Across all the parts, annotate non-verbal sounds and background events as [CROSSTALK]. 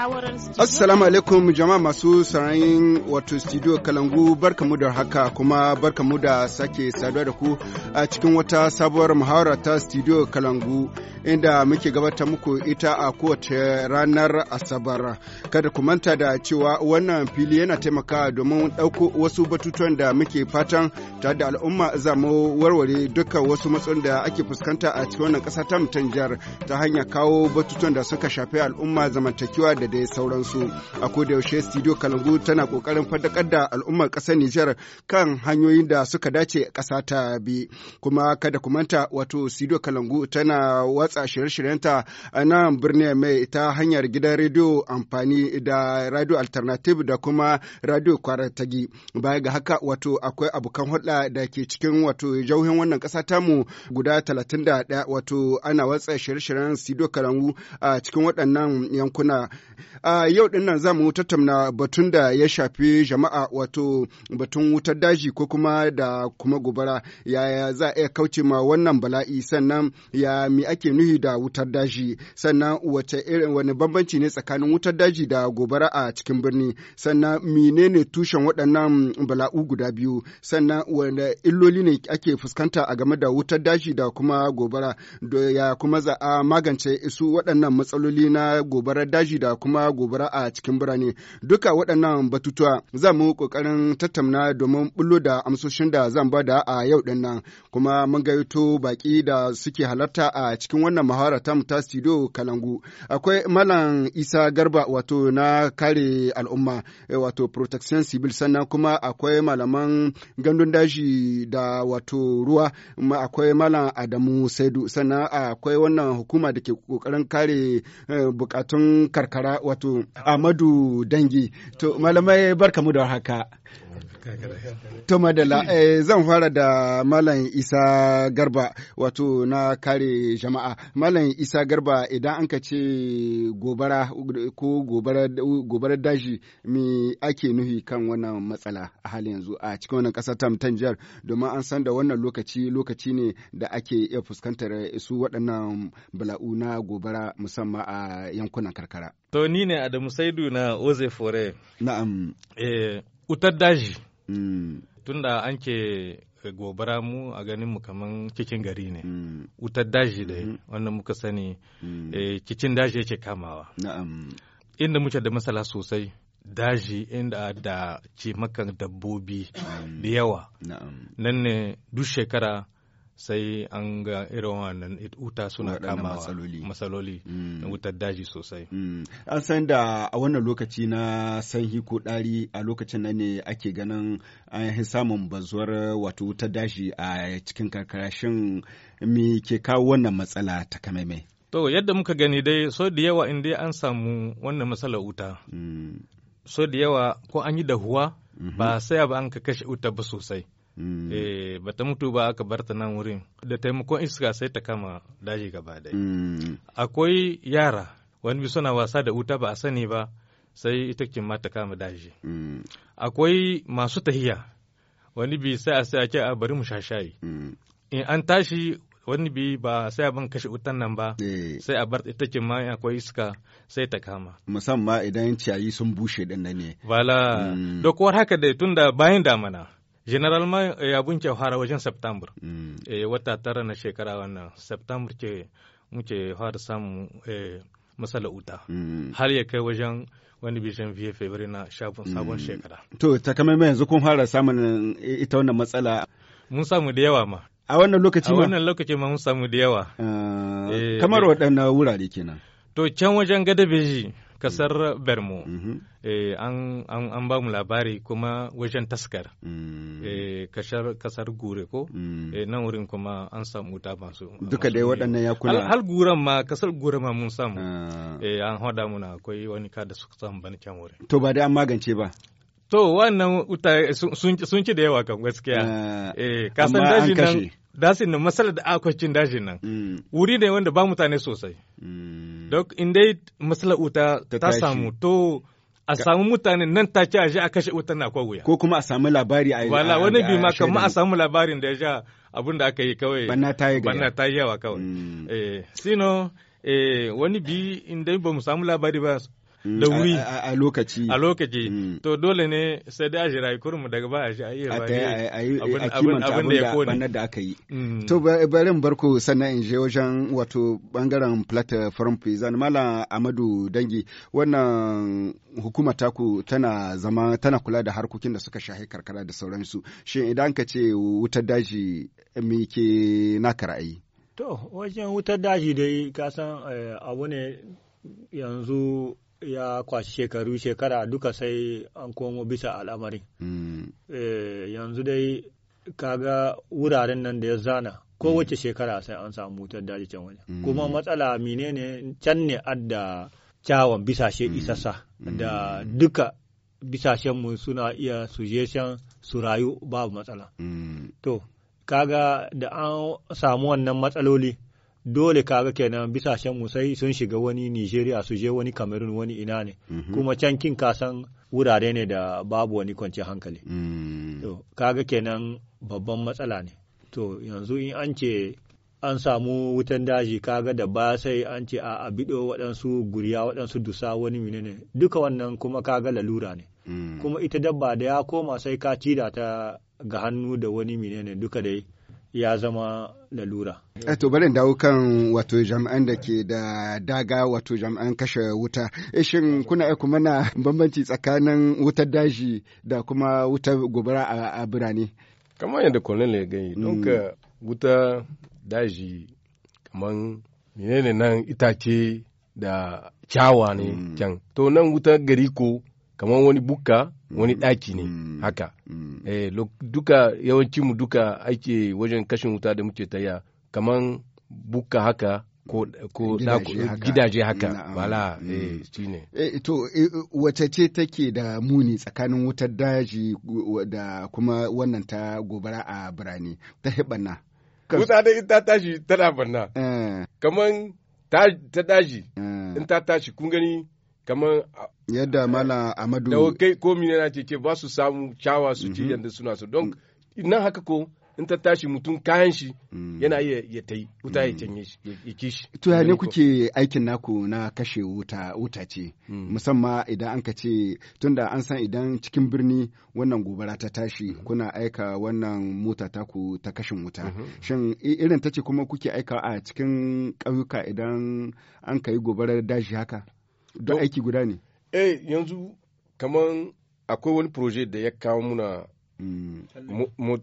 muhawarar Assalamu alaikum jama'a masu sarayin wato studio Kalangu barkamu da haka kuma barkamu da sake saduwa da ku a cikin wata sabuwar muhawara ta studio Kalangu inda muke gabatar muku ita a kowace ranar Asabar. Kada ku manta da cewa wannan fili yana taimakawa domin ɗauko wasu batutuwan da muke fatan tare da al'umma za mu warware duka wasu matsalolin da ake fuskanta a cikin wannan ƙasa ta mutanjar ta hanyar kawo batutuwan da suka shafi al'umma zamantakewa da dai sauransu. A yaushe Studio Kalangu tana kokarin faɗakar da al'ummar kasar Nijar kan hanyoyin da suka dace kasa ta bi. Kuma kada ku manta wato Studio Kalangu tana watsa shirye-shiryenta a nan birni mai ta hanyar gidan rediyo amfani da Radio Alternative da kuma Radio Kwaratagi. Baya ga haka wato akwai abokan hulɗa da ke cikin wato jauhin wannan ta tamu guda talatin da ɗaya wato ana watsa shirye-shiryen Sido Kalangu a cikin waɗannan yankuna A yau din nan za mu tattauna batun da ya shafi jama'a wato batun wutar daji ko kuma da kuma gobara yaya za a iya kauce ma wannan bala'i sannan ya mi ake nuhi da wutar daji sannan wace irin wani bambanci ne tsakanin wutar daji da gobara a cikin birni sannan menene tushen waɗannan bala'u guda biyu sannan wanda illoli ne ake fuskanta a game da wutar daji da kuma gobara ya kuma za a magance su waɗannan matsaloli na gobarar daji da kuma kuma gobara a cikin birane duka waɗannan batutuwa za mu ƙoƙarin tattauna domin bullo da amsoshin da zan bada a yau ɗin nan kuma mun gayyato baƙi da suke halarta a cikin wannan muhawara ta mu ta studio kalangu akwai malam isa garba wato na kare al'umma eh, wato protection civil sannan kuma akwai malaman gandun daji da wato ruwa akwai malam adamu saidu sannan akwai wannan hukuma da ke ƙoƙarin kare eh, bukatun karkara wato Amadu Dangi. To malamai barka mu da haka. To eh, zan fara da Malam Isa Garba wato na kare jama'a. Malam Isa Garba idan an ka ce gobara ko gobarar daji mi ake nuhi kan wannan matsala a halin yanzu a cikin wannan ƙasar tam domin an san da wannan lokaci lokaci ne da ake iya fuskantar su waɗannan bala'u na gobara musamman a yankunan karkara. To ni ne Adamu Saidu na Oze Fore. Na'am. Eh, utar daji. Mm. Tunda an ke eh, gobara mu a ganin mu kaman cikin gari ne mm. wutar daji da mm-hmm. wannan muka sani mm. eh, cikin daji yake kamawa inda muke da masala sosai daji inda da ce makan dabbobi da yawa nan ne duk shekara sai an ga irin wannan wuta suna kama matsaloli na mm. wutar daji sosai. Mm. An san da a wannan lokaci na sanhi ko ɗari a lokacin nan ne ake ganin an yi samun bazuwar wato wutar daji a cikin karkashin me ke kawo wannan matsala ta kamaime To yadda muka gani dai so da yawa in dai an samu wannan matsalar wuta. Mm. So da yawa ko an yi dahuwa mm-hmm. ba sai ba an ka kashe wuta ba sosai. ba mm. eh, bata mutu ba aka bar ta nan wurin da taimakon iska sai ta kama daji gaba dai. Mm. akwai yara wani suna wasa da wuta ba a sani ba sai ita kin ma ta kama daji mm. akwai masu tahiya wani bi sai a sai ake ce a bari mu shashayi in an tashi wani bi ba sai abin kashe wutan nan ba eh. sai a bar ita kin ma akwai iska sai ta kama musamman idan ciyayi sun bushe din ne wala da haka dai tunda bayan damana general ma eh, abun ke fara wajen september mm. eh, wata tara na shekara wannan september ke muke fara samun eh, matsala uta mm. har ya kai wajen wani bishan fiye february na shafin sabon mm. shekara. To, mai yanzu kun fara samun ita wannan matsala. Mun samu da yawa ma. A wannan lokaci ma? A wannan lokaci ma mun samu da yawa. Ah, kamar waɗannan wurare kenan. To, can wajen gada beji kasar mm-hmm. bermo mm-hmm. eh, an ba mu labari kuma wajen taskar mm. eh, kasar gure ko mm. eh, nan wurin kuma an samu ta masu duka dai waɗannan ya kula hal guran ma kasar gure ma mun samu ah. an hada muna akwai wani k'a da suka samu bani can wurin to ba dai an magance ba To wannan wuta sun ci da yawa kan gaskiya. Ah. Eh, kasan daji nan dasin nan masalar da akwai cin dajin nan mm. wuri ne wanda ba mutane sosai mm. don in dai matsalar wuta ta samu to a samu mutane nan ta ce a a kashe wutar na kwa wuya ko kuma a samu labari a wala wani bi ma kamar a samu labarin da ya sha abin da aka yi kawai banna ta yi banna ta yi yawa kawai mm. eh, sino eh, wani bi in dai ba mu samu labari ba da mm. wuri a lokaci a lokaci mm. to dole ne sai da kurmu daga ba a shi a yi abin da ya kone da aka yi mm. to barin barku sannan in je wajen wato bangaren platform prison malam amadu dangi wannan hukuma taku tana zama tana kula da harkokin da suka shahi karkara da sauransu shin idan ka ce wutar daji me ke naka ra'ayi to wajen wutar daji dai ka san eh, abu ne yanzu ya kwashi shekaru shekara duka sai an komo bisa al'amarin hmm. eh, yanzu dai kaga wuraren nan da ya zana kowace hmm. shekara sai an samu wutar daji can waje hmm. kuma matsala menene can ne adda cawon bisashe isassa da duka bisashenmu suna iya suje can su rayu babu matsala to kaga da an samu wannan matsaloli dole kaga kenan bisashen mu sai sun shiga wani Nigeria su je wani Cameroon wani ina ne mm -hmm. kuma can kin kasan wurare ne da babu wani kwanciyar hankali mm. to kaga kenan babban matsala ne to yanzu in an ce an samu wutan daji kaga da ba sai an ce a biɗo waɗansu guriya waɗansu dusa wani menene duka wannan kuma kaga lalura ne mm. kuma ita dabba da ya koma sai ka cida ta ga hannu da wani menene duka dai ya zama lalura. E to bari dawo kan wato jami'an da ke da daga wato jami'an kashe wuta. ishin eh, shin kuna aiku mana bambanci tsakanin wutar daji da kuma wutar gobara a, birane? Kamar yadda kone ya gani, don ka mm. wuta daji kamar menene nan itace da cawa ne mm. can. To nan wutar gari ko kamar wani bukka wani mm. ɗaki ne mm. haka mm. eh, duka yawanci mu duka aiki wajen kashin wuta da muke taya kaman buka haka ko eh, gidaje haka bala eh, shi ne. Eh, to wace ce take da muni tsakanin wutar daji da kuma wannan ta gobara a birane ta hiɓanna? Wuta da ita tashi tana banna. Kaman ta daji in ta tashi kun gani kamar yadda mala amadu da kai ko na ce ke ba su samu cawa su ci yadda mhm. suna so don mm. nan haka ko in ta tashi mutum kayan shi mm. yana iya ya ta yi wuta ya mm. canye shi ya kishi. To ya ne kuke aikin naku na kashe wuta wuta ce musamman idan an ka ce tunda an san idan cikin birni wannan gobara ta tashi mm-hmm. kuna aika wannan mota ta ku ta kashin wuta. Mm-hmm. Shin irin ta ce kuma kuke aika a cikin ƙauyuka idan an ka yi gobarar daji haka? don aiki guda ne eh yanzu kaman akwai wani proje da ya kawo muna mm.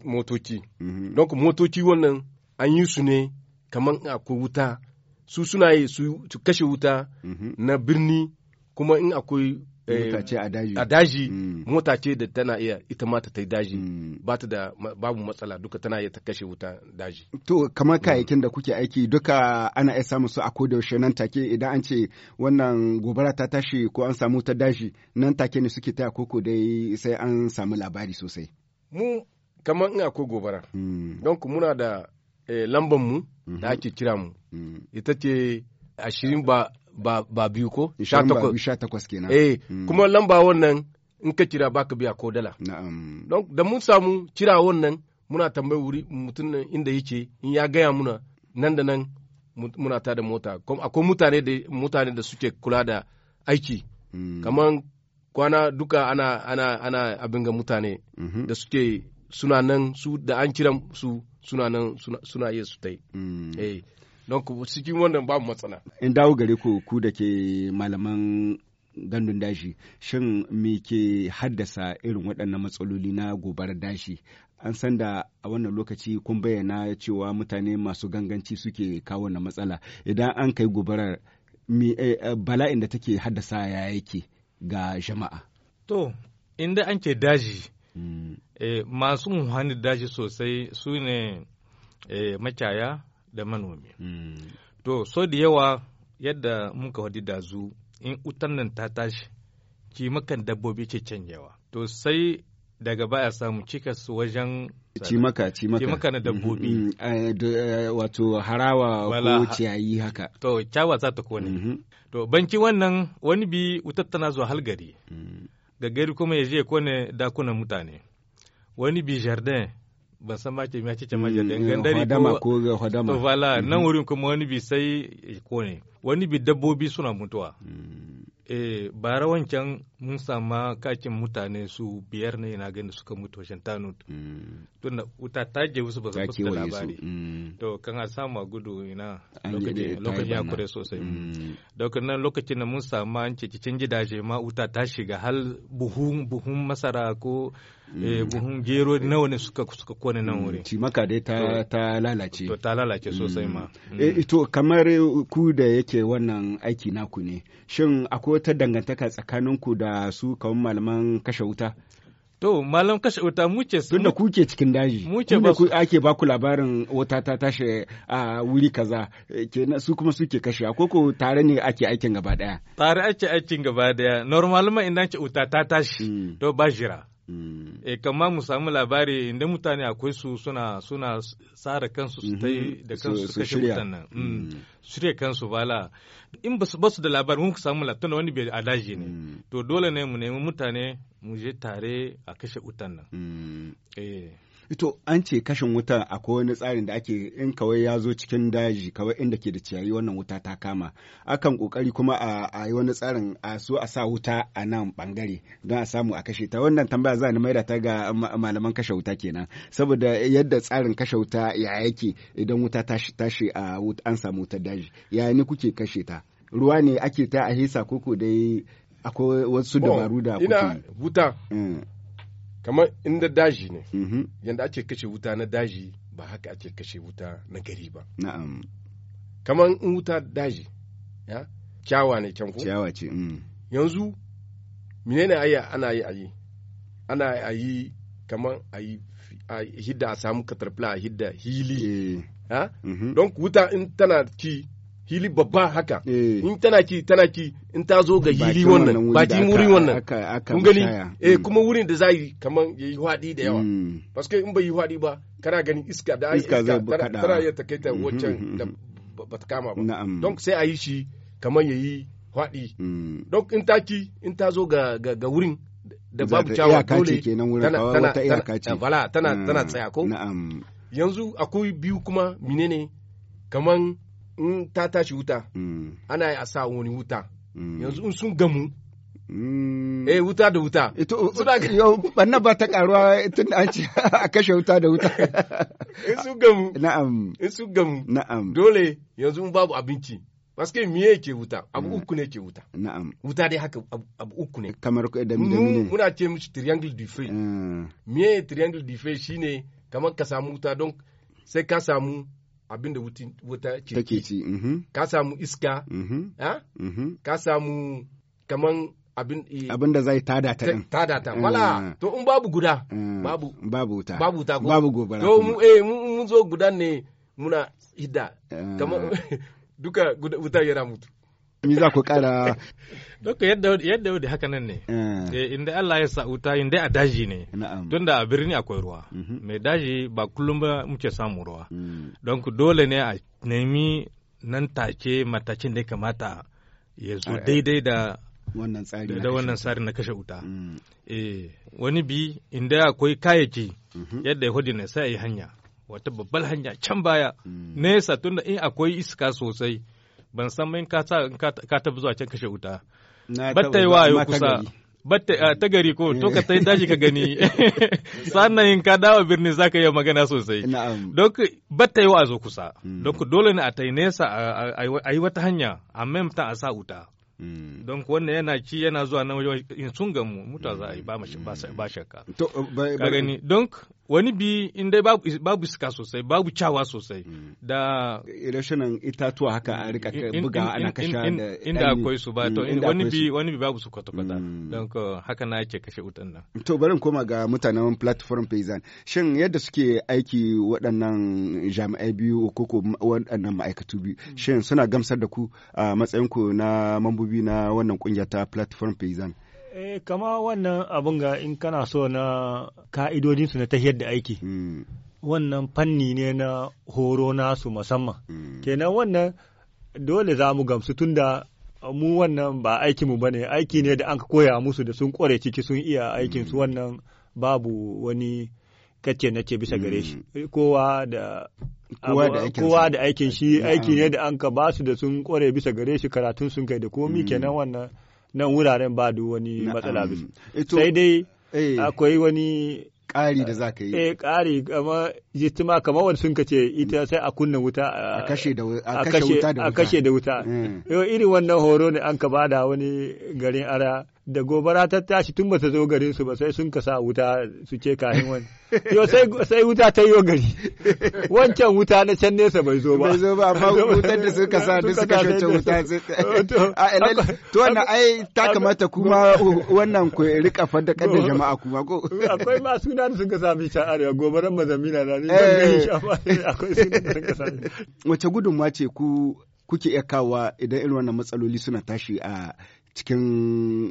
motoci mm-hmm. don ku motoci wannan an yi su ne kaman akwai wuta su suna yi su kashe wuta mm-hmm. na birni kuma in akwai Eh, mota a daji mm. mota ce da tana iya ita ma ta tai daji mm. ba ta da babu matsala duka tana iya ta kashe wuta daji to kamar mm. kayayyakin da kuke aiki duka ana iya samu su a koda yaushe nan take idan an ce wannan gobara ta tashi ko an samu ta daji nan take ne suke taya ko dai sai an samu labari sosai mu kamar in akwai gobara don ku muna da eh, lambar mu da mm-hmm. ake kira mu ita ce ashirin ba ba, ba biyu ko sha takwas kenan eh hmm. kuma lamba wannan in ka kira baka biya ko dala na'am don da mun samu kira wannan muna tambayi wuri mutum inda yake in ya gaya muna nan da nan muna ta da mota akwai mutane da mutane da suke kula da aiki mm. kamar kwana duka ana ana ana abin ga mutane mhm. da suke suna nan su da an kira su suna nan suna iya su tai hmm. eh don ku cikin wannan babu matsala in dawo gare ku ku da ke malaman gandun dashi shin me ke haddasa irin waɗannan matsaloli na gobarar dashi an san da a wannan lokaci kun bayyana cewa mutane masu ganganci suke kawo na matsala idan an kai gobarar eh, eh, bala'in da take haddasa ya yake ga jama'a to inda an ke daji hmm. eh, masu muhannin daji sosai su ne makyaya da manomi. Hmm. To, so da yawa yadda muka wadi da zu in utan nan ta tashi, cimakan dabbobi ce canjawa. To, sai daga baya samu cikas wajen cimaka cimaka na dabbobi. Hmm, hmm, eh, eh, wato harawa ko ciyayi haka. To, kyawa za ta kone. To, banki wannan wani bi wutar tana zuwa halgari. Gagari kuma ya je kone dakunan mutane. Wani bi jardin ban san ma ce ce mace da gandari ko ga hadama to voilà mm-hmm. nan wurin kuma wani bi sai ko ne wani bi dabbobi suna mutuwa mm. eh bara wancan mun sama kakin mutane su biyar ne na gani suka mutu wajen tanut mm. tunda wuta ta je wasu ba su da labari mm. to kan a a gudu ina lokacin ya kure sosai mm. daga nan lokacin da mun sama an cikin gidaje ma wuta ta shiga hal buhun masara ko eh, buhun gero nawa ne suka suka kone nan wuri cimaka dai ta ta lalace to ta lalace sosai ma eh, to kamar ku da yake wannan aiki naku ne shin akwai wata dangantaka tsakanin ku da da su kamar malaman kashe wuta To, malam kashe wuta muke su. Tunda kuke cikin daji. Muke ba su. ake baku labarin wuta ta tashi a wuri kaza, eh, kenan su kuma suke kashe ko ko tare ne ake aikin gaba daya. Tare ake aikin gaba daya. Normal ma ina ce wuta ta tashi, hmm. to ba jira. e eh, kama mu samu labari inda mutane akwai su suna suna tsara kansu su ta mm-hmm. da kansu su kashe nan. Mm. Mm. shirya kansu bala in ba su da labari mun samu labari wani bai adaji ne mm. to dole ne mu nemi mutane mu je tare a kashe mutan nan eh. Ito an ce kashin wuta akwai wani tsarin da ake in kawai ya zo cikin daji kawai inda ke da ciyayi wannan wuta ta kama. Akan kokari kuma a yi wani tsarin a so a sa wuta a nan bangare don a samu a kashe ta. Wannan tambaya za ni maida ta ga malaman kashe wuta kenan. Saboda yadda tsarin kashe wuta ya yake idan wuta tashi a an samu wutar daji. Ya ni kuke kashe ta? Ruwa ne ake ta a hisa koko dai akwai wasu dabaru da kuke. Ina wuta. Mm. kamar inda daji ne mhm. yadda ake kashe wuta na daji ba haka ake kashe wuta na gari ba kamar in wuta daji ya kyawa ne can ko kyawa ce mm. yanzu menene aya ana yi ayi ana ayi kamar ayi hidda a samu caterpillar a hidda hili eh. mhm. don wuta in tana ci hili babba haka eh. in tana ki tana ki in ta zo ga hili wannan bakin wurin wannan kun gani eh mm. kuma wurin da za kaman yayi hwadi da yawa mm. parce in bai yi hwadi ba kana ganin iska da iska tana iya takaita mm-hmm, wancan mm-hmm, da mm-hmm. ta kama ba don sai a yi shi kaman yayi hwadi mm. don in ta ki in ta zo ga ga wurin da babu cewa dole eh, tana tana tana tsaya ko yanzu akwai biyu kuma menene kaman in ta tashi wuta mm. ana yi a sa wani wuta mm. yanzu in sun gamu mm. Eh wuta da wuta. Ito yau banna ba ta karuwa tun an ce [LAUGHS] a kashe wuta da wuta. [LAUGHS] In sun gamu. Na'am. In sun gamu. Na'am. Dole yanzu babu abinci. Paske miye yake wuta? Abu uku ne ke wuta. Na'am. Wuta dai haka abu uku ne. Kamar da ne. Muna ce mishi triangle du feu. Ah. Miye triangle du feu shine kamar ka samu wuta don sai ka samu abin da wuta ke ci mhm. ka samu iska mhm. Mhm. ka samu kaman eh, abin da zai tada ta din tada ta eh. wala to in babu guda eh. babu babu wuta babu wuta babu gobara to mu eh mun zo gudan ne muna hidda kamar [LAUGHS] duka wuta yana mutu mi za ku kara [LAUGHS] Doka yadda yadda wadi haka nan ne. Eh. Eh, inda Allah ya sa wuta inda a daji ne. Tun da a birni akwai ruwa. Mhm. Mai daji ba kullum ba muke samun ruwa. Mm. Don dole ne a nemi nan take matacin da ya kamata ya zo eh, daidai da wannan tsari da wannan tsari na kashe wuta. Mm. Eh wani bi inda akwai kayayyaki mhm. yadda ya hudu ne sai a yi hanya. Wata babbal hanya can baya. Mm. Nesa tunda in akwai iska sosai. ban san mai ka ka ta zuwa can kashe wuta batta yi wayo kusa batta ta gari ko to ka tai tashi ka gani [LAUGHS] sannan in ka dawo birni zaka yi magana sosai dok batta yi zo kusa hmm. dok dole ne a tai nesa a yi wata hanya a memta a sa wuta hmm. don ku wannan yana ci yana zuwa nan wajen in sun gamu mutuwa za a yi ba shakka ka gani don wani bi in dai babu, babu iska sosai babu cawa sosai mm. da rashinan itatuwa haka a rika buga ana kasha da inda akwai su ba mm, to wani bi wani bi babu su kwata kwata mm. don haka na yake kashe utan nan to bari koma ga mutanen platform paysan shin yadda suke aiki waɗannan jami'ai biyu ko ko waɗannan ma'aikatu biyu shin suna gamsar da ku a matsayin ku na mambobi na wannan kungiya ta platform paysan Eh, kama wannan abin ga in kana so na ka'idodinsu na ta da aiki. Hmm. Wannan fanni ne na horo nasu musamman. Hmm. Kenan wannan dole za mu gamsu tunda mu wannan ba aikinmu ba ne, aiki ne da an koya musu da sun kware ciki sun iya aikinsu hmm. wannan babu wani kacce nace bisa gare shi. Kowa da kowa da aikin shi aiki ne da an ka basu da sun kware bisa gare shi karatun sun kai da komi kenan wannan nan wuraren ba duk wani matsala bisa sai dai eh. akwai wani ƙari da za ka yi. Eh ƙari kama jittima kamar wani sun kace ita sai a kunna wuta a kashe da wuta da wuta. A kashe eh. da wuta. Yau irin wannan horo ne an ka bada wani garin ara da gobara ta tashi tun ba ta zo garin su ba sai sun kasa wuta su ce kayan wani yo sai wuta ta yi gari wancan wuta na can nesa bai zo ba bai zo ba amma wutar da suka sa da suka shance wuta [LAUGHS] to wannan ai ta kamata kuma wannan ku rika fadda kadda [LAUGHS] jama'a kuma ko akwai ma suna da suka sa bishan arewa gobaran mazamina na ne eh. akwai wace gudunmawa ce ku kuke iya kawa idan irin wannan matsaloli suna tashi a cikin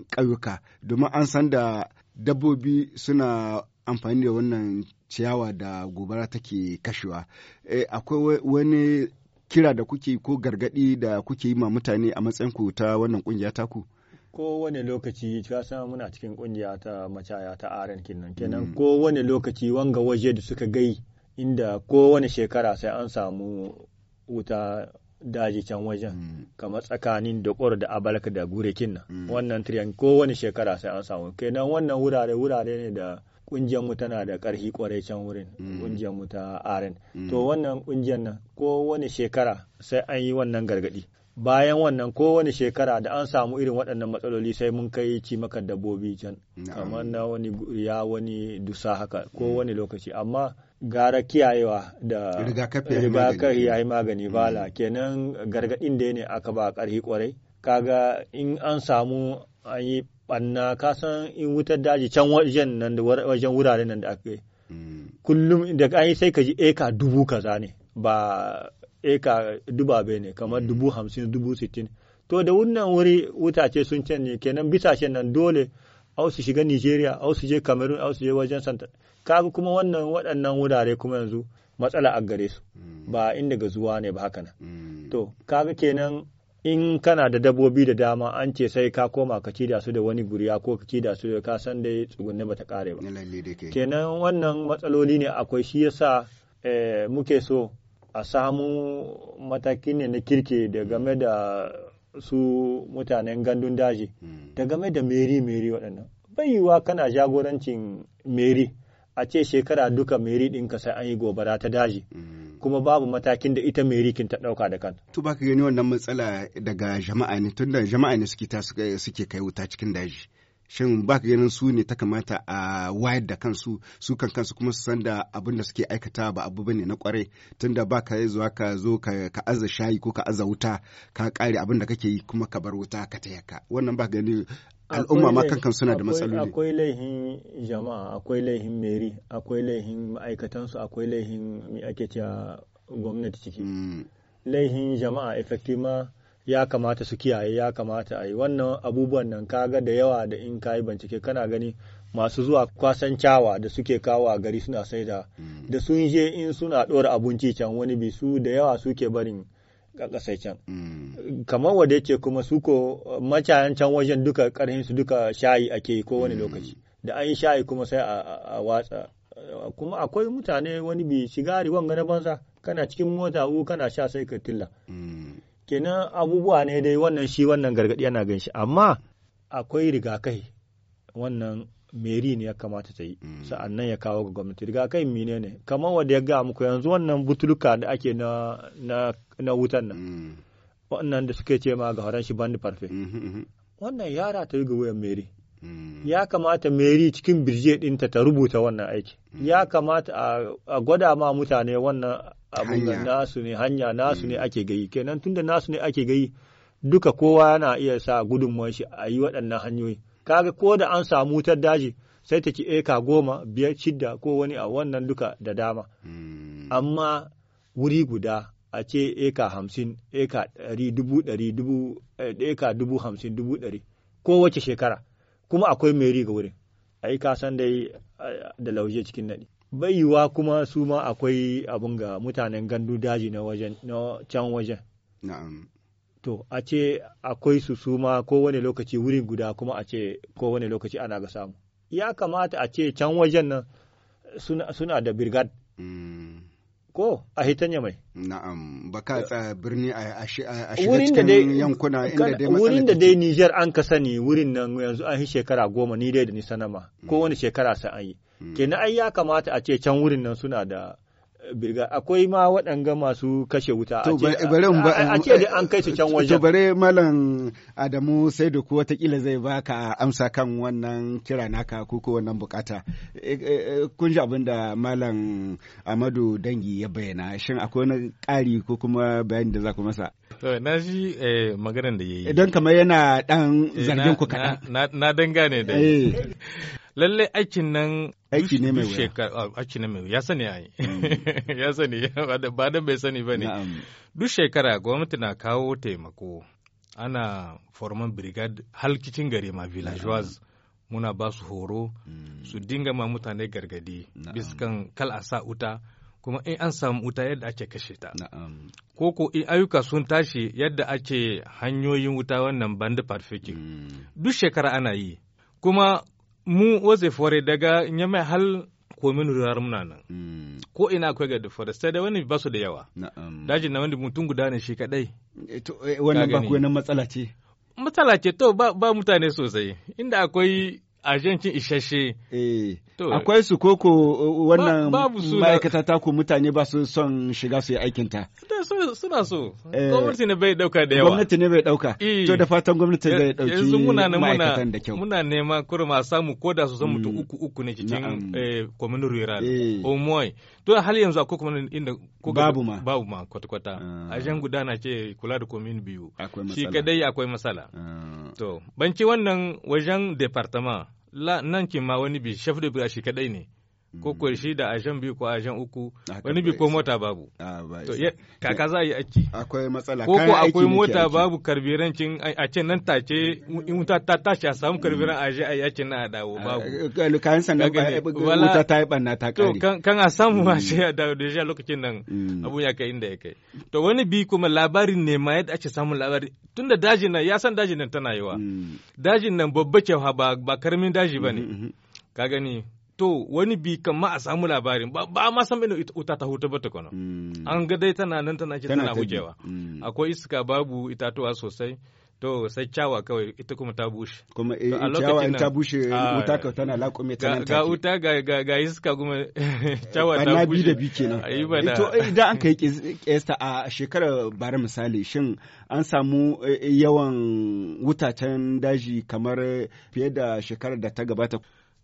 ƙauyuka domin an san da dabbobi suna amfani da wannan ciyawa da gobara take kashewa e, akwai wani kira da kuke ko gargaɗi da kuke yi ma mutane a matsayin ku ta wannan ƙungiya ko kowane lokaci ka san muna cikin ƙungiya ta macaya ta aren kenan mm. kenan kowane lokaci wanga waje da suka gai inda kowane shekara sai an samu wuta daji can wajen mm. kamar tsakanin da kwaro da abalaka da gurekin nan mm. wannan triyan ko wani shekara sai an samu kenan wannan wurare wurare ne da kungiyar mu tana da karhi kwarai can wurin kungiyar mm. mu ta aren to wannan kungiyar nan ko shekara sai an yi wannan gargadi bayan wannan kowane shekara da an samu irin waɗannan matsaloli sai mun kai ci maka dabbobi can kamar na wani ya wani dusa haka ko wani lokaci amma gara kiyayewa da rigakafi ya yi magani bala kenan mm. gargaɗin da ne aka ba ƙarfi kwarai kaga in an samu an yi ɓanna kasan in wutar daji can wajen nan da wajen wurare nan da aka yi mm. kullum da an yi sai ka ji eka dubu kaza ne ba eka dubabe ne kamar mm. dubu hamsin dubu sittin to da wannan wuri wutace sun can ne kenan bisashen nan dole au su shiga Nigeria au su je Cameroon au su je wajen Santa kaga kuma wannan waɗannan wurare kuma yanzu matsala a gare su mm. ba inda ga zuwa ne ba haka nan mm. to kaga kenan in kana da dabbobi da dama an ce sai ka koma ka ci da su da wani guriya ko ka ci da su da ka san dai tsugunne bata kare ba kenan wannan matsaloli ne akwai shi yasa eh, muke so a samu matakin ne na kirke da game da su mutanen gandun daji hmm. da game da meri meri waɗannan bai yiwuwa kana jagorancin meri a ce shekara duka meri ɗinka sai an yi gobara ta daji hmm. kuma babu matakin da ita meri kin ta ɗauka da kanta. To ka gani wannan matsala daga jama'a ne tunda jama'a ne suke kai wuta cikin daji. shin ba ka ganin su ne ta kamata a wayar da kansu su kan kansu kuma su san da abin da suke aikata ba abu bane na kwarai tunda ba ka zuwa ka zo ka aza shayi ko ka aza wuta ka kare abin da kake yi kuma ka bar wuta ka ta yaka wannan ba gani al'umma ma kankan suna da matsaloli akwai laihin jama'a akwai laihin meri akwai laihin su akwai laihin me ake cewa gwamnati ciki mm. laihin jama'a efektima. ya kamata su kiyaye ya kamata a yi wannan abubuwan nan kaga da yawa da in kayi bincike kana gani masu zuwa kwasan cawa da suke kawo a gari suna saida mm. da sun je in suna ɗora abinci can wani bi su da yawa suke barin ƙasai can mm. kamar wanda yake kuma su ko macayan can wajen duka ƙarhin su duka shayi ake ko wani mm. lokaci da an yi shayi kuma sai a watsa kuma akwai mutane wani bi shigari wanga na banza kana cikin mota u kana sha sai ka tilla kenan abubuwa ne dai wannan shi wannan gargadi ana gan shi amma akwai rigakai wannan meri ne ya kamata ta yi mm. sa'an nan ya kawo ga gwamnati rigakai mine ne kamar wanda ya ga muku yanzu wannan butuluka da ake na na wutan nan mm. wannan da suke ce ma ga horon shi bandi farfe mm-hmm, mm-hmm. wannan yara ta yi ga wuyan meri mm. ya kamata meri cikin birje dinta ta rubuta wannan aiki ya kamata a gwada ma mutane wannan abun nasu ne hanya nasu ne mm. ake gayi kenan tunda nasu ne ake gayi duka kowa yana iya sa gudunmuwan shi a yi waɗannan hanyoyi kaga ko da an samu wutar daji sai ta ci eka goma biyar shidda ko wani a wannan duka da dama mm. amma wuri guda a ce eka hamsin eka ɗari dubu ɗari dubu eh, eka dubu hamsin dubu ɗari wace shekara kuma akwai meri ga wurin ai ka san dai eh, da lauje cikin naɗi baiwa kuma su ma akwai abin ga mutanen gandu daji na wajen na can wajen na'am to a ce akwai su su ma kowane lokaci wuri guda kuma a ce kowane lokaci ana ga samu ya kamata a ce can wajen nan suna, suna da birgad mm. ko a hitanya mai na'am baka tsa birni a, shiga cikin yankuna inda dai wurin da dai Niger an ka sani wurin nan yanzu an yi shekara goma ni dai da ni sanama mm. ko wani shekara sai an yi kenan ai ya kamata a ce can wurin nan suna da birga akwai ma waɗanga masu kashe wuta a ce da an kai su can wajen. To bare malam Adamu sai da kuwa watakila zai ba ka amsa kan wannan kira naka ko ko wannan bukata. Eh, eh, eh, kun ji abin da malam Amadu Dangi ya bayyana shin akwai wani ƙari ko kuma bayani da za ku masa? To na ji maganar da ya yi. Don kamar yana ɗan zargin ku kaɗan. Na dangane da. Lallai aikin nan aiki ne mai wuya aiki ne mai wuya sani yi. Mm. [LAUGHS] ya sani ba dan bai sani ba ne duk shekara gwamnati na kawo taimako ana forman brigade halkicin gari ma villageois muna ba su horo mm. su dinga ma mutane gargadi biskan kal a sa uta kuma in an samu wuta yadda ake kashe ta. Ko in ayyuka sun tashi yadda ake hanyoyin wuta wannan band parfikin. Mm. Duk shekara ana yi. Kuma mu wasu fore daga nyamai hal komin ruwar muna nan mm. ko ina akwai ga deforestation da wani basu da yawa dajin na wani mutum guda ne shi kadai eh, eh, wannan ba kuwa matsala ce matsala ce to ba mutane sosai inda akwai ajancin isasshe. Eh, akwai su koko uh, wannan ma'aikata ku mutane ba su son shiga su yi aikinta. Suna so, eh, gwamnati ne bai dauka da yawa. Gwamnati ne bai dauka, eh. to da fatan gwamnati zai dauki ma'aikatan da kyau. Muna nema kuri a samu da su san mutu mm. uku uku ne cikin kwamin eh, rural, Omoi. Oh, to a hali yanzu akwai kwamin inda babu ma. Babu ma kwata-kwata. Ah. guda na ce kula da kwamin biyu. Akwai matsala. Shi kadai akwai matsala. Ah. To, banci wannan wajen departement la nan kin ma wani bi chef de shi kadai ne ko kuwa shi da ajan biyu ko ajan uku wani bi ko mota babu to kaka za a yi aiki akwai matsala ko ko akwai mota babu karbirancin a ce nan ta ce in wuta ta tashi a samu karbiran aje a yake na a dawo babu kayan sannan wuta ta yi banna ta kare kan a samu ma mm. shi a dawo da lokacin nan mm. abun ya kai inda ya kai to wani bi kuma labarin ne ma yadda ake samun labari tunda dajin nan ya san dajin nan tana yawa mm. dajin nan babba ce ba karamin daji ba ne mm-hmm, mm-hmm. ka gani to wani bi kan ma a samu labarin ba ba ma san bane wuta ta huta ba tukuna hmm. an ga dai tana nan tana ce tana hujewa hmm. akwai iska babu itatuwa sosai to sai ciyawa kawai ita kuma ta bushe kuma eh, ciyawa in ta bushe wuta ka tana laƙume ta ga wuta ga ga iska kuma [LAUGHS] ciyawa ta bushe na bi da bi kenan eh, to eh, idan an kai kesta a shekarar bare misali shin an samu yawan wutacen daji kamar fiye da shekarar da ta gabata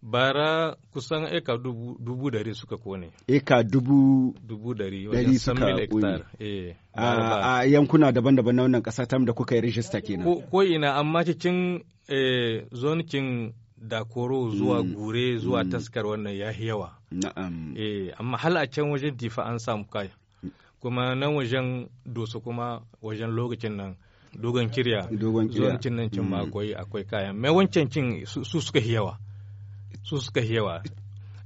bara kusan eka dubu, dubu dari suka kone eka dubu dubu dari dari suka kone e, a, a yankuna daban-daban na wannan kasa tam da kuka yi rijista kenan ko, ko ina amma cikin e, eh, zonikin dakoro zuwa mm. gure zuwa mm. taskar wannan ya yawa na'am e, amma hal a can wajen difa an samu kai mm. kuma nan wajen doso kuma wajen lokacin nan dogon kirya dogon kirya zonikin nan cin ma mm. akwai akwai kayan mai wancan cin su suka yawa su suka hewa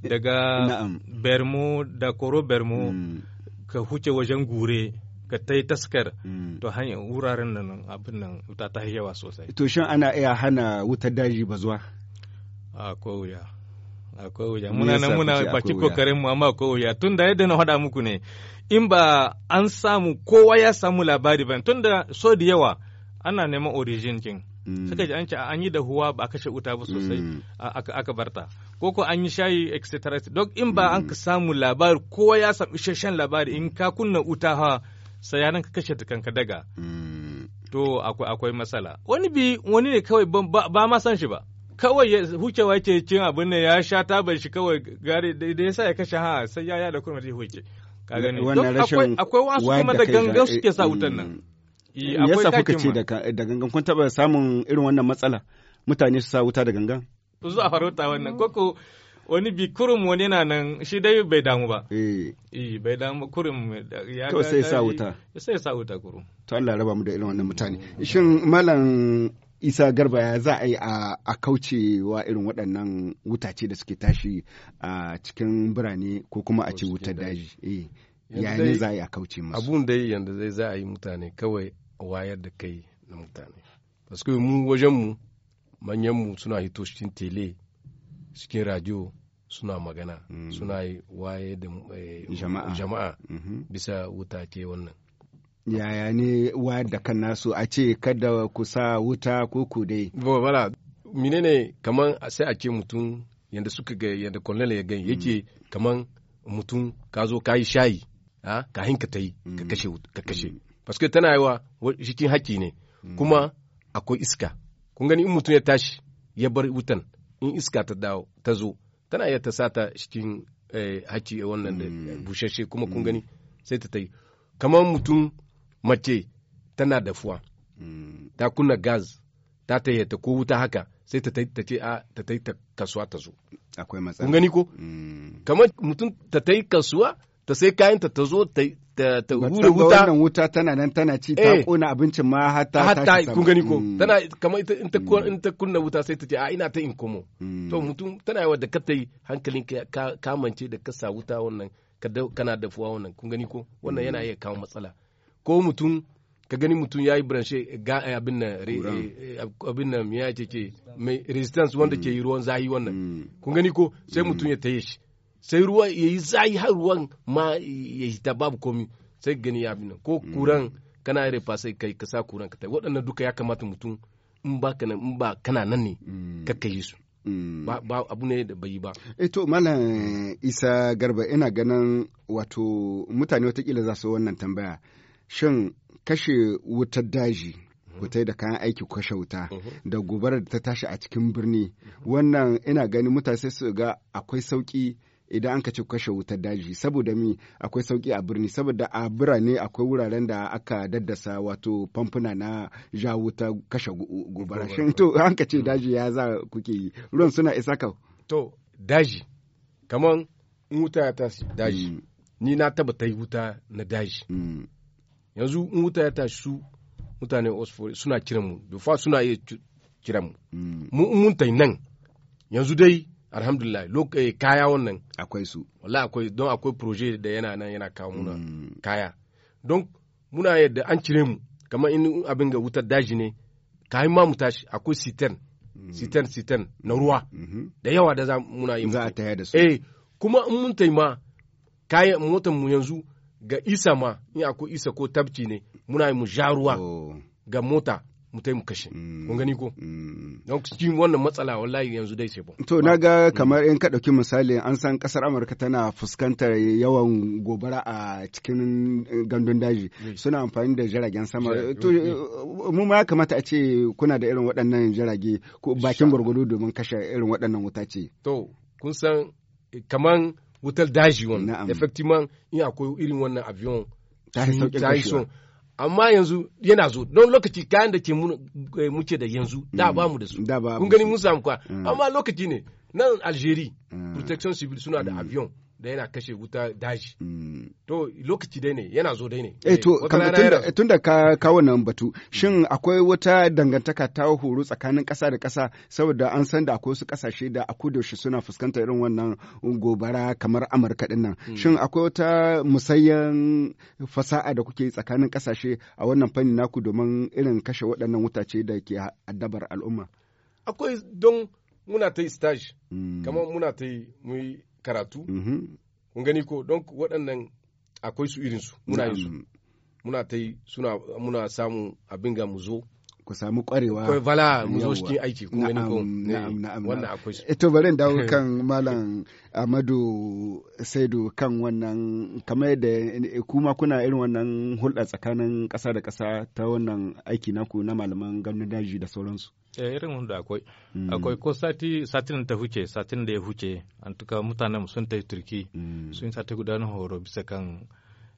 daga bermu da koro bermu mm. ka huce wajen gure ka ta yi taskar mm. to hanyar wuraren nan abin nan wuta ta hewa sosai to shan ana iya hana wutar daji ba zuwa. a ko wuya akwai wuya muna nan muna baki kokarin mu amma akwai wuya tunda yadda na hada muku ne in ba an samu kowa ya samu labari ba tunda so da yawa ana neman origin kin Mm. suka ji an ce an yi dahuwa ba a kashe wuta ba sosai mm. aka barta ko ko an yi shayi etc duk in ba mm. an ka samu labari kowa ya samu isasshen labari in ka kunna wuta ha sai yanan ka kashe ka daga to akwai matsala wani bi wani ne kawai ba ma san shi ba kawai ya hukewa yake cin abin ne ya sha bai shi kawai gari da yasa ya kashe ha sai ya ya da kuma zai huke ka gani akwai wasu kuma da gangan suke sa wutan eh, nan Me eh, yasa kuka ce da gangan kun taɓa samun irin wannan matsala mutane su sa wuta da gangan? Su a farauta wannan koko wani bi kurum wani na nan shi dai bai damu ba. Eh. Eh bai damu kurum ya ga sai sa wuta. Sai sa wuta kurum. To Allah raba mu da irin wannan mutane. Shin malam Isa Garba ya za a yi a kauce wa irin waɗannan wutace da suke tashi a cikin birane ko kuma a ce wutar daji. Eh. Ya za a yi a kauce masu. Abun dai yanda zai za a yi mutane kawai wayar da kai na mutane paske mu wajenmu manyanmu suna hito cikin tele cikin radio suna magana mm. suna waye da eh, jama'a, mm-hmm. bisa wuta ke wannan yaya ne wayar da kan nasu a ce kada ku sa wuta ko ku dai bala menene kaman sai a ce mutum yadda suka ga yadda kwallon ya gani yake mm. kaman mutum ka zo ka yi shayi ah, ka hinka ta yi ka mm. kashe mm. paske tana yawa cikin haƙƙi ne mm. kuma akwai iska kun gani in mutum ya tashi ya bar wutan in iska ta dawo ta zo tana iya ta sata cikin eh, haƙƙi wannan da mm. bushashe kuma kun mm. gani sai ta yi kamar mutum mace tana dafuwa ta kunna gaz ta ta ko wuta haka sai ta ta ce a ah, ta ta kasuwa ta zo akwai matsala kun gani ko kamar mutum ta ta kasuwa ta sai kayanta ta zo ta ta hura wuta wannan wuta tana nan tana ci ta eh. kona abincin ma ta ta kun gani ko mm. tana kamar ita in ta mm. in ta kunna wuta sai ta ce a ina ta in komo mm. to mutum tana yawa da katai hankalin ka kamance da ka sa wuta wannan kana dafuwa wannan kun gani ko wannan yana iya kawo matsala ko mutum ka gani mutum ya yi ga eh, abin nan eh, abin nan ya ce ke mai resistance wanda ke yi ruwan zahi wannan kun gani ko sai mutum ya tayi shi sai ruwa ya yi zai har ruwan ma ya ta babu komi sai gani ya bina ko mm. kuran kana yare fa sai kai ka sa kuran ka tai waɗannan duka ya kamata mutum in ba kana nan ne mm. ka kai su mm. ba abu ne da bai ba eto eh malam Isa Garba ina ganin wato mutane watakila za su wannan tambaya shin kashe wutar daji wutai mm-hmm. da kayan aiki kashe wuta mm-hmm. da gobarar da ta tashi a cikin birni wannan ina ganin mutane sai su ga akwai sauki idan an ka kashe wutar daji saboda mi akwai sauki a birni saboda a birane akwai wuraren da aka daddasa wato famfuna na ja wuta kashe gobara shin [LAUGHS] to an ka ce mm. daji ya za kuke yi ruwan suna isa ka to daji kaman in wuta ya tashi daji mm. ni na taba ta wuta na daji mm. yanzu in wuta ya tashi su mutane osfor suna kiran mu dofa suna iya kiran mu mu mun tai nan yanzu dai alhamdulillah eh, kaya wannan akwai su wallahi akwai don akwai projet da yana nan yana kawo muna mm. kaya don muna yadda an cire mu kamar in abin ga wutar daji ne kayan ma mu tashi akwai sitan mm. sitan na ruwa mm -hmm. da yawa da za muna yi za a tayar da su eh kuma in mun taima kaya motar mu yanzu ga isa ma in akwai isa ko tabci ne muna yi mu ja ruwa oh. ga mota mu tai mu kashe mun mm. gani ko mm. don cikin wannan matsala wallahi yanzu dai sai ba to naga kamar in ka dauki misali an san kasar Amurka tana fuskantar yawan gobara a cikin gandun daji suna amfani da jiragen sama to mu ma kamata a ce kuna da irin waɗannan jirage ko bakin gurgudu domin kashe irin waɗannan wuta ce to kun san kaman wutar daji wannan effectivement in akwai irin wannan avion ta yi sauƙin amma yanzu yana zo don lokaci kayan da ke eh, muke da yanzu da mm. ba mu da su kun gani mun samu kwa mm. amma lokaci ne nan Algeria mm. protection civil suna da avion da yana kashe wuta daji. Mm. To lokaci dai ne yana zo dai ne. E to eh, tunda ka kawo nan batu shin akwai wata dangantaka ta horo tsakanin ƙasa da ƙasa saboda an san da akwai wasu ƙasashe da a yaushe suna fuskantar irin wannan gobara kamar Amurka din nan. Mm. Shin akwai wata musayyan fasa'a da kuke tsakanin ƙasashe a wannan fanni naku domin irin kashe waɗannan wutace da ke addabar al'umma? Akwai don muna ta yi stage, mm. kamar muna ta yi karatu mm-hmm. kun gani ko don waɗannan akwai su irinsu muna yi su muna ta yi suna muna samun abin ga mu zo ku samu kwarewa bala mu zo cikin aiki ku gani ko eh, na'am na'am wannan akwai shi eh, to bari dawo [LAUGHS] kan malam Amadu Saidu kan wannan kamar da eh, kuma kuna irin wannan hulɗa tsakanin ƙasa da ƙasa ta wannan aiki naku na malaman gwamnati daji da sauransu eh irin wanda akwai hmm. akwai ko sati satin ta huce satin da ya huce an tuka mutanen sun tafi turki hmm. sun sati gudanar horo bisa kan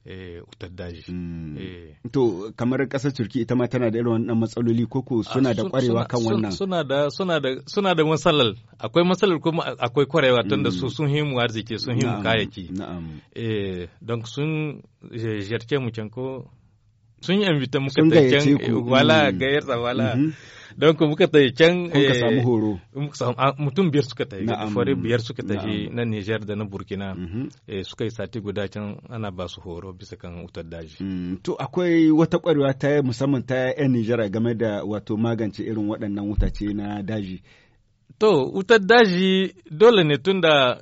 Eh, wutar daji. Mm. Eh. To kamar ƙasar Turki ita ma tana da irin wannan matsaloli koko ah, suna da ƙwarewa kan wannan. Suna da suna da suna da matsalar akwai matsalar kuma akwai ƙwarewa tunda su mm. sun himu arziki sun himu kayaki. Na'am. Eh don sun jarke eh, mu can ko sun yi invita mu ta can wala mm. gayar wala. Mm-hmm. don ku muka tafi can eh, ah, mutum biyar suka tafi fare biyar suka tafi na Niger da na Burkina mhm. eh, suka yi sati guda can ana ba su horo bisa kan wutar daji mm, to akwai wata kwarewa ta musamman ta yan Niger game da wato magance irin waɗannan wutace na daji to wutar daji dole ne tun da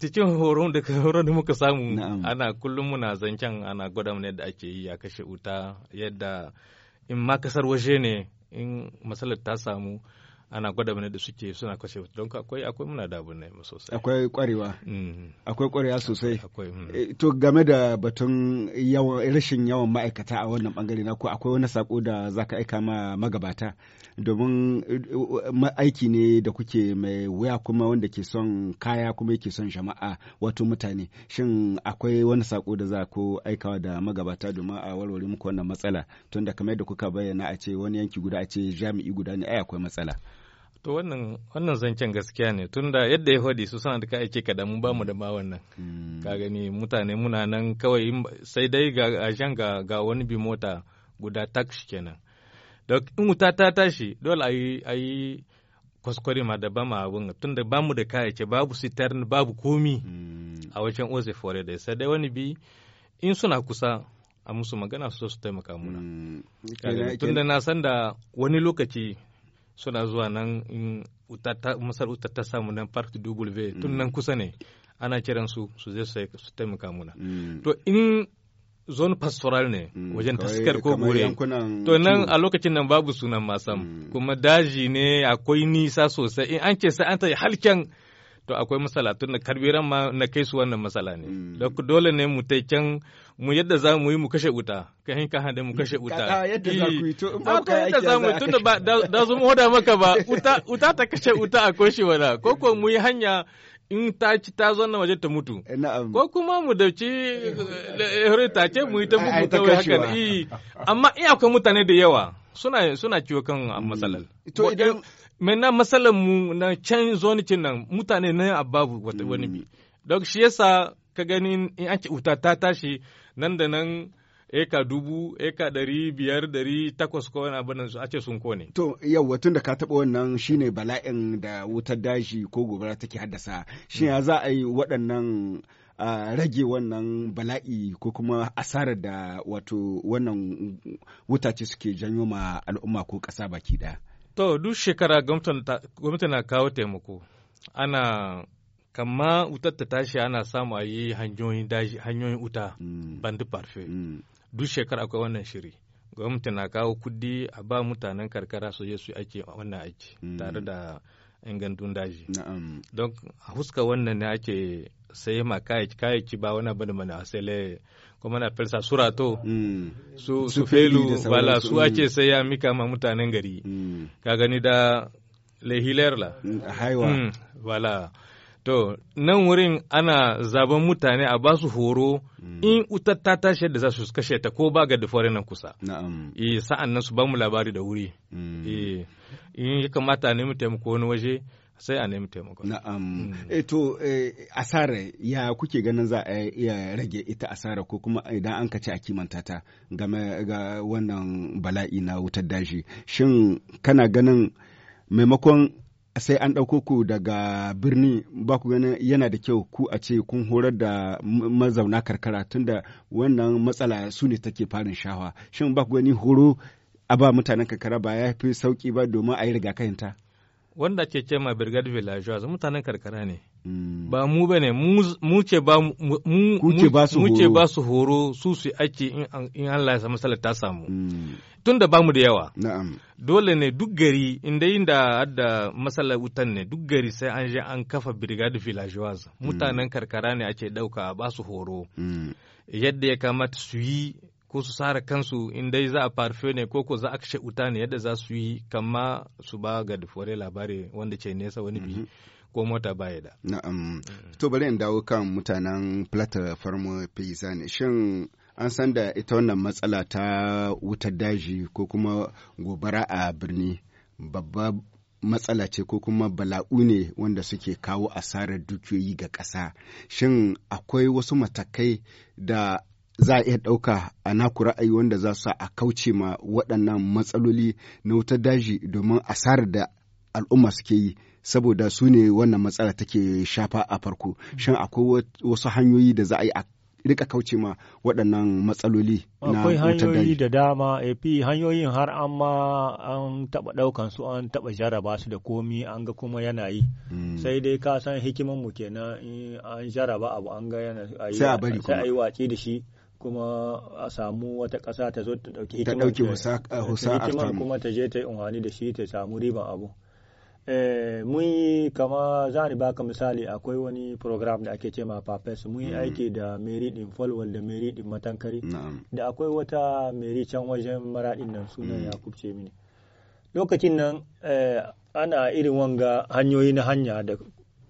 cikin horon da horon da muka samu ana kullum muna zancen ana gwada mana yadda ake yi a kashe wuta yadda in ma kasar waje ne in matsalar ta samu ana gwada mana da suke suna kashe wuta don akwai akwai muna da ne nan sosai akwai kwarewa mm. akwai kwarewa sosai mm. eh, to game da batun yawan rashin yawan ma'aikata a wannan bangare na ko akwai wani sako da zaka aika ma magabata domin eh, eh, aiki ne da kuke mai wuya kuma wanda ke son kaya kuma yake son jama'a wato mutane shin akwai wani sako da za ku aikawa da magabata domin a warware muku wannan matsala tunda kamar yadda kuka bayyana a ce wani yanki guda a ce jami'i guda ne ai akwai matsala To wannan wannan zancen gaskiya ne tunda yadda ya hodi su suna da aiki kada mun ba mu da ma wannan. Hmm. Ka gani mutane muna nan kawai sai dai ga ashen ga ga wani bi mota guda tax kenan. in wuta ta tashi dole ayi ayi kwaskwari ma da ba ma abun tunda ba mu da kayayyaki babu sitern babu komi hmm. a wajen Ose Fore sai dai wani bi in suna kusa a musu magana su su taimaka muna. Hmm. Tunda na san da wani lokaci suna zuwa nan in masar uta ta samu nan park w mm. tun nan kusa ne ana kiran su su zai su taimaka muna mm. to in zone pastoral ne mm, wajen taskar ko gure to nan a lokacin nan babu sunan masam kuma daji ne akwai nisa sosai in an ce sai an ta halken to akwai matsala tun da karbiran ma na kai su wannan matsala ne da dole ne mu tai can mu yadda za mu yi mu kashe wuta ka hin ka hada mu kashe wuta yadda za ku yi to in ba ku yadda za mu tun da ba da zo mu hoda maka ba wuta wuta ta kashe wuta a koshi wala ko ko mu yi hanya in ta ci ta zo na waje ta mutu ko kuma mu dauci ta ce mu yi ta bubu kawai haka amma iya akwai mutane da yawa suna suna ciwo kan ah, hmm. matsalar. To idan na matsalar mu na can cin nan mutane na babu wani hmm. bi. Don shi yasa ka gani in an ce wuta ta tashi nan da nan eka dubu eka dari biyar dari takwas ko wani abin su a ce sun kone. To yau tun da ka taɓa wannan shine bala'in da wutar daji ko gobara take haddasa shi hmm. ya za a yi waɗannan rage wannan bala'i ko kuma asarar da wato wannan wutace suke janyo ma al'umma ko ƙasa baki ɗaya. To duk shekara gwamnati na kawo taimako ana kama wutar ta tashi ana samu a yi hanyoyin wuta mm. bandi parfe mm. duk shekara akwai wannan shiri gwamnati na kawo kudi a ba mutanen karkara su je su ake wannan aiki mm. tare da 'yan gandun daji. Don a huska wannan ne ake sai ma kayayyaki ba wani abu da mana asale kuma na felsa surato mm. su su felu bala su mm. ake sai ya mika ma mutanen gari mm. ka gani da lehilerla. haiwa bala To, nan wurin ana zaben mutane a ba su horo mm. in wutar ta tashi da za su kashe ta ko ba ga dufare nan kusa. Na'am. Eh, sa'an nan su ba mu labari da wuri. Mm. Eh, in ya kamata a nemi taimako wani waje sai a nemi taimako. Na'am. Mm. Eh, to, eh, asara ya kuke ganin za a iya rage ita asara ko kuma idan an kace a kimanta ta ga wannan bala'i na wutar daji. Shin kana ganin maimakon sai an ɗauko ku daga birni ba ku ganin yana da kyau ku a ce kun horar da mazauna karkara tunda wannan matsala su ne take farin shawa shin ba ku gani horo a ba mutanen karkara ba ya fi sauki ba domin a yi ta. wanda ke ce ma brigade villageoise mutanen karkara ne mm. ba mu ba ne mu ce ba su horo su su ake in Allah ya samu ta samu mm. tun da ba mu da yawa dole ne duk gari inda inda da masala wutan ne duk gari sai an je an kafa brigade villageoise mm. mutanen karkara ne ake dauka ba su horo yadda ya kamata su yi ko su sare kansu in dai za a farfe ne ko ko za a kashe wuta ne yadda za su yi kama su ba ga difore labari wanda ce nesa wani bi mhm. ko mota baya da. Na'am. Mm. To bari in dawo kan mutanen platform pizza ne. Shin an san da ita wannan matsala ta wutar daji ko kuma gobara a birni babba matsala ce ko kuma bala'u ne wanda suke kawo asarar dukiyoyi ga ƙasa shin akwai wasu matakai da za a iya ɗauka a naku ra'ayi wanda za su a kauce ma waɗannan matsaloli na wutar daji domin asarar da al'umma suke yi saboda su ne wannan matsala take shafa a farko shan akwai wasu hanyoyi da za a yi a rika kauce ma waɗannan matsaloli na akwai hanyoyi da dama fi hanyoyin har an ma an taɓa ɗaukan su an taɓa jaraba su da komi an ga kuma yana yi hmm. sai dai ka san hikiman mu kenan an jaraba abu an ga yana sai a yi watsi da shi kuma a samu wata ƙasa ta zo ta ɗauki hikimar kuma ta je ta yi unwani da shi ta samu riban abu eh, mun yi kama za ni baka misali akwai wani program da ake ma papes mun yi hmm. aiki da meri din falwal da meri din matankari da akwai wata meri can wajen maraɗin nan sunan hmm. ya kubce mini lokacin nan eh, ana irin wanga hanyoyi na hanya da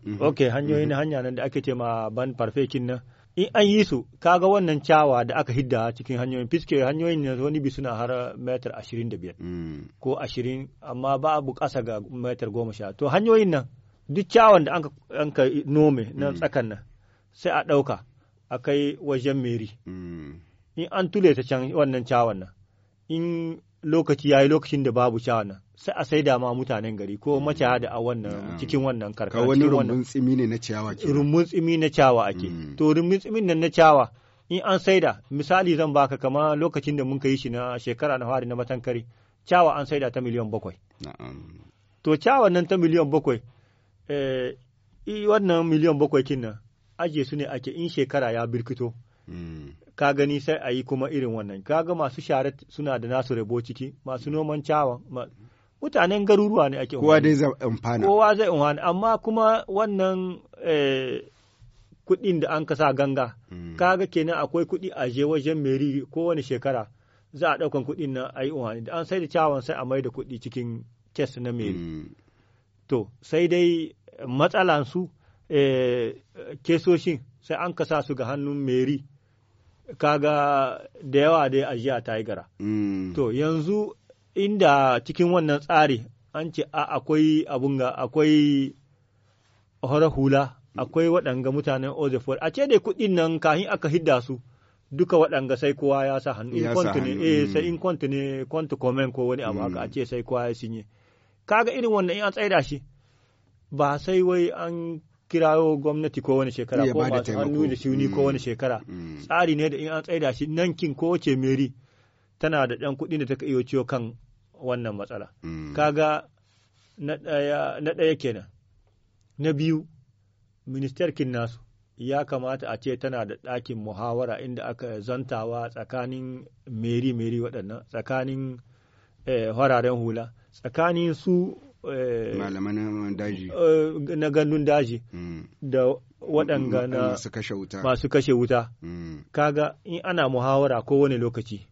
hmm. ok hanyoyi na hanya nan da ake cema ban farfekin nan in an yi su kaga wannan cawa da aka hidda cikin hanyoyin fiske hanyoyin ne wani bi suna har metar ashirin da biyar mm. ko ashirin amma ba babu kasa ga metar goma sha to hanyoyin nan duk cawan da an ka nome na mm. tsakan nan sai a ɗauka a kai wajen meri mm. in an tule ta can wannan cawan nan in lokaci ya yi lokacin da babu cawan nan sai a saida ma mutanen gari ko hmm. maciya da a wannan hmm. cikin wannan karkara wani rumbun tsimi ne na ciyawa ke rumbun tsimi na ciyawa ake hmm. to rumbun tsimin nan na ciyawa in an saida misali zan baka kama lokacin da mun kai shi na shekara na fari na matankari ciyawa an saida ta miliyan bakwai to ciyawa nan ta miliyan bakwai eh, wannan miliyan bakwai kin nan ajiye su ne ake in shekara ya birkito ka gani sai a yi kuma irin wannan kaga masu share suna da nasu rabo ciki masu noman cawa mutanen garuruwa ne ake kowa dai zai amfana kowa zai amfana amma kuma wannan eh, kuɗin da an kasa ganga hmm. kaga kenan akwai kuɗi a je wajen meri kowane shekara za a ɗaukan kuɗin nan a yi da an sai da cawan sai a mai da kuɗi cikin kes na meri hmm. to sai dai matsalansu eh, kesoshin sai an kasa su ga hannun meri kaga da yawa dai ajiya ta yi gara. Hmm. To yanzu inda cikin wannan tsari an ce a akwai abun ga akwai horar hula akwai waɗanga mutanen ozefor a ce dai kuɗin nan kahin aka hidda su duka waɗanga sai kowa ya sa hannu in kwanta ne eh mm. sai in kwanta ne kwanta komen ko wani abu haka a mm. ce sai kowa ya sinye kaga irin wannan in an tsaida shi ba sai wai an kirawo gwamnati ko wani shekara ko masu hannu da shuni ko wani mm. shekara tsari ne da in an tsaida shi nankin ko ce meri tana da ɗan kuɗi da ta iya ciwo kan wannan matsala mm. kaga na ɗaya kenan na biyu ministerkin nasu ya kamata a ce tana da ɗakin muhawara inda aka zantawa tsakanin meri-meri waɗannan tsakanin eh, hararen hula tsakanin su eh, daji eh, na gandun daji mm. da waɗanga mm, na masu kashe wuta kaga in ana muhawara kowane lokaci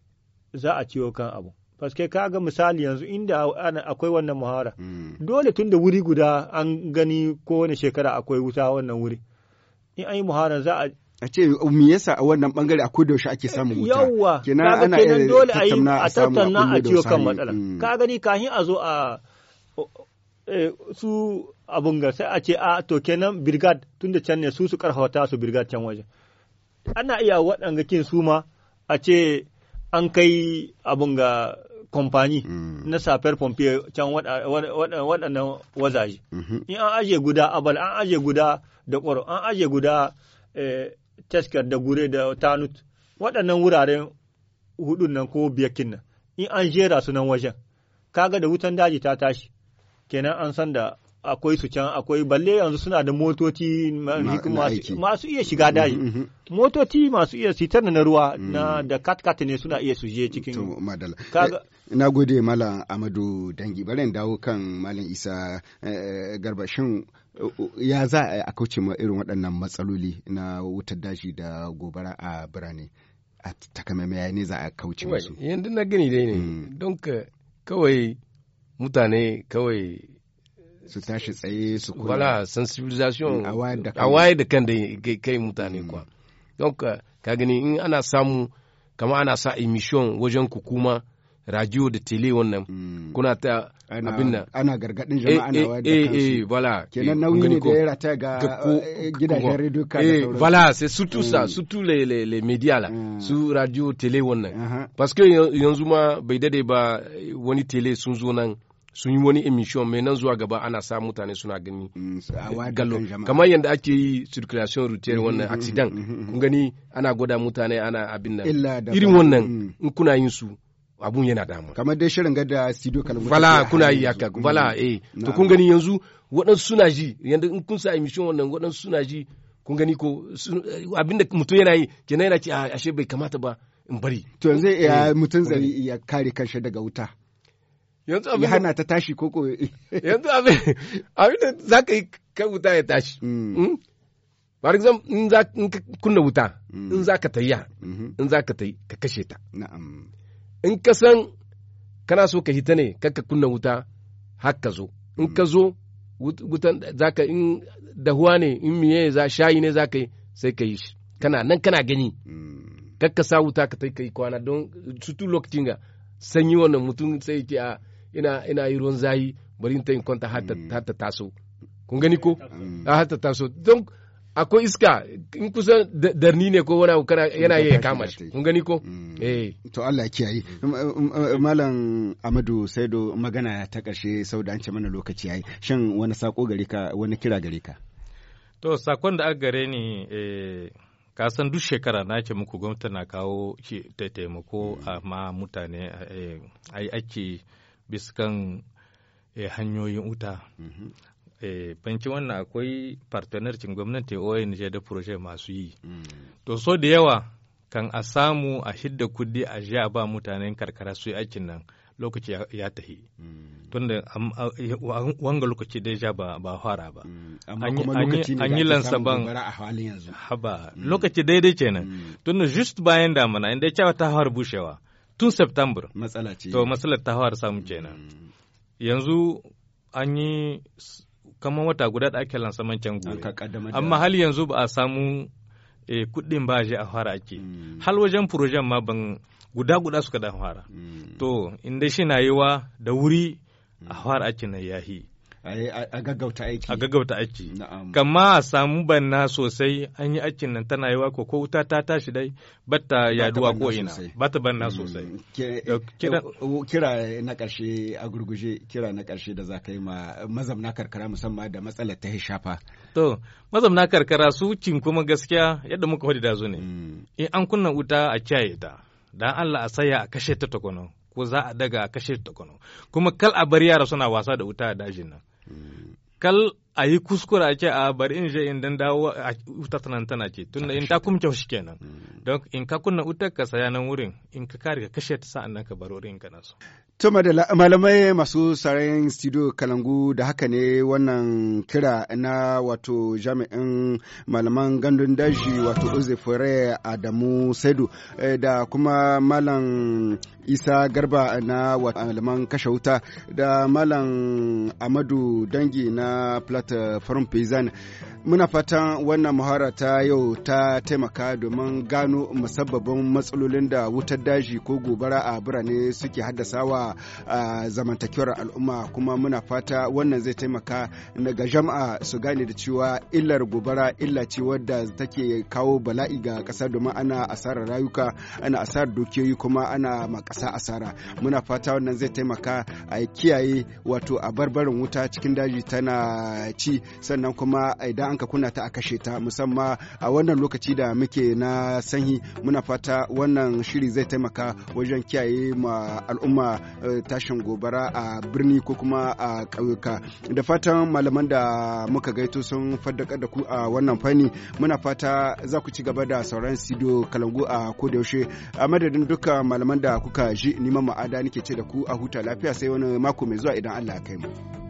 za a ciwo kan abu ka kaga misali yanzu inda akwai wannan muhara hmm. dole tun da wuri guda an gani ko wani shekara akwai wuta wannan wuri in an yi muhara za a a ce me yasa a wannan bangare a koda yaushe ake samun wuta yawwa kenan ana kenan dole a yi a tattauna a ciwo kan matsala hmm. ka gani kahin a zo a eh, su abun ga sai a ce a ah, to kenan brigade tunda can ne su su karfafa su brigade can waje ana iya waɗanga kin su ma a ce an kai abun ga kamfani mm. na safar pompier can waɗannan wazaje mm-hmm. in an aje guda abal an aje guda da ƙwaro an aje guda eh, tesker da gure da tanut waɗannan wuraren hudun nan ko biyakin nan in an jera su nan wajen kaga da wutan daji ta tashi kenan an san da akwai su can akwai balle yanzu suna da motoci masu iya shiga mm-hmm, daji mm-hmm. motoci masu iya sitar na ruwa mm. na da katkat ne suna iya su je cikin eh, na gode malam amadu dangi bari dawo kan malam isa eh, eh, garba ya za a kauce ma irin waɗannan matsaloli na wutar daji da gobara a birane a takamaimai ne za a kauce musu yanzu na gani dai ne mm. don kawai mutane kawai su tashi tsaye su kula wala sensibilisation a waye da kan da kai mutane hmm. kwa donc ka gani in ana samu kama ana sa emission wajen kuma radio da tele wannan mm. kuna ta abin nan ana gargadin jama'a na eh, eh, wayar da eh, kansu eh wala kenan nauyi ne da ya rata ga gidajen radio ka eh wala c'est surtout ça hmm. surtout les les les médias là hmm. su radio tele wannan uh-huh. parce que yanzu ma bai dade ba wani tele sun zo nan sun yi wani emission mai nan zuwa gaba ana sa mutane suna gani mm, gallo kamar yadda ake yi circulation routier mm-hmm, wannan accident mm-hmm, mm-hmm. kun gani ana gwada mutane ana abin nan irin wannan mm. in kuna yin su abun yana damu kamar dai shirin gada studio kalmu fala kuna yi haka fala eh to kun gani yanzu waɗansu suna ji yanda in kun sa emission wannan waɗansu suna ji kun gani ko abinda mutum yana yi kenan yana ce ah, ashe bai kamata ba in bari to yanzu eh, mutum zai ya kare kanshi daga wuta yanzu abin hana ta tashi ko ko yanzu abin abin da za ka yi ka wuta ya tashi mm. Mm. for example in za ka kunna wuta mm. in za ka tayya mm-hmm. in za ka tayi ka kashe ta in ka san kana so ka hita ne ka ka kunna wuta har ka zo in ka zo wutan za ka in dahuwa ne in miye za shayi ne za ka yi sai ka yi shi kana nan kana gani kakka sa wuta ka tai kai kwana don sutu lokacin ga sanyi wannan mutum sai ke a ah, ina ina yi ruwan zayi bari in ta in kwanta har ta mm. taso kun gani ko mm. ah, har ta taso don akwai iska in kusa darni ne ko wani abu yana ya kama shi kun gani ko mm. eh to Allah ya kiyaye malam Amadu Saido magana ta karshe sau da an ce mana lokaci yayi shin wani sako gare ka wani kira gare ka to sakon da aka gare ni eh ka san duk shekara na ce muku gwamnati na kawo ta taimako amma mutane eh, ake biskan eh, hanyoyin wuta mhm. eh, banki wannan akwai partanarcin gwamnati ONG da proje masu yi mm. to so da yawa kan a samu a shidda kudi a a ba mutanen karkara su yi aikin nan lokaci ya tahi mm. tunda wanga lokaci dai ja ba fara ba mm. an yi lansa ban haba lokaci daidai kenan tunda just bayan damana inda cewa ta har bushewa tun september matsala ce to matsalar ta fara samu kenan yanzu an yi kamar wata guda da ake lansaman can gobe amma hal yanzu ba a samu e, kuɗin ba a fara ake mm. hal wajen furojen ma ban guda guda suka da fara mm. to inda shi na yiwa da wuri a mm. fara ake na yahi a gaggauta aiki a gaggauta aiki kama a samu banna sosai an yi aikin nan tana yiwa ko ko wuta ta tashi dai bata yaduwa ko ina bata banna sosai mm. eh, eh, oh, kira na karshe a gurguje kira na karshe da za ka yi ma mazamna karkara musamman da matsalar ta shafa to mazamna karkara su cin kuma gaskiya yadda muka hudu da zo ne mm. in an kunna wuta a ciyaye ta dan Allah a saya a kashe ta takwano ko za a daga a kashe ta takwano kuma kal a bar yara suna wasa da wuta a dajin nan Kal a yi kuskura ake a bari in je in dan dawo a wutar tana tana tun tunda in ta kuma kyau kenan hmm. don in ka kunna wutar ka saya nan wurin in ka kare ka kashe ta sa'an nan ka bar wurin ka nasu To malamai masu sarayen studio Kalangu da haka ne wannan kira na wato jami'in malaman gandun daji wato Uze Fure Adamu Saidu eh, da kuma malam Isa Garba na malaman kashe wuta da malam Amadu Dangi na ta eh, farin fizan muna fatan wannan muhara ta yau ta taimaka domin gano musabbabin matsalolin da wutar daji ko gobara a birane suke haddasa wa zamantakewar al'umma kuma muna fata wannan zai taimaka ga jama'a su gane da cewa illar gobara illa ce wadda take kawo bala'i ga ƙasa domin ana asarar rayuka ana asarar dukiyoyi kuma ana ma ƙasa asara muna fata wannan zai taimaka a kiyaye wato a barbarin wuta cikin daji tana ci sannan kuma idan an ka kunnata ta a kashe ta musamman a wannan lokaci da muke na sanyi muna fata wannan shiri zai taimaka wajen kiyaye ma al'umma eh, tashin gobara a birni ko kuma a ƙauyuka da fatan malaman da muka gaito sun faddakar da ku a wannan fanni muna fata za ku ci gaba da sauran sido kalangu a kodayaushe a madadin duka malaman da kuka ji neman ma'ada nake ce da ku a huta lafiya sai wani mako mai zuwa idan allah ya kai mu.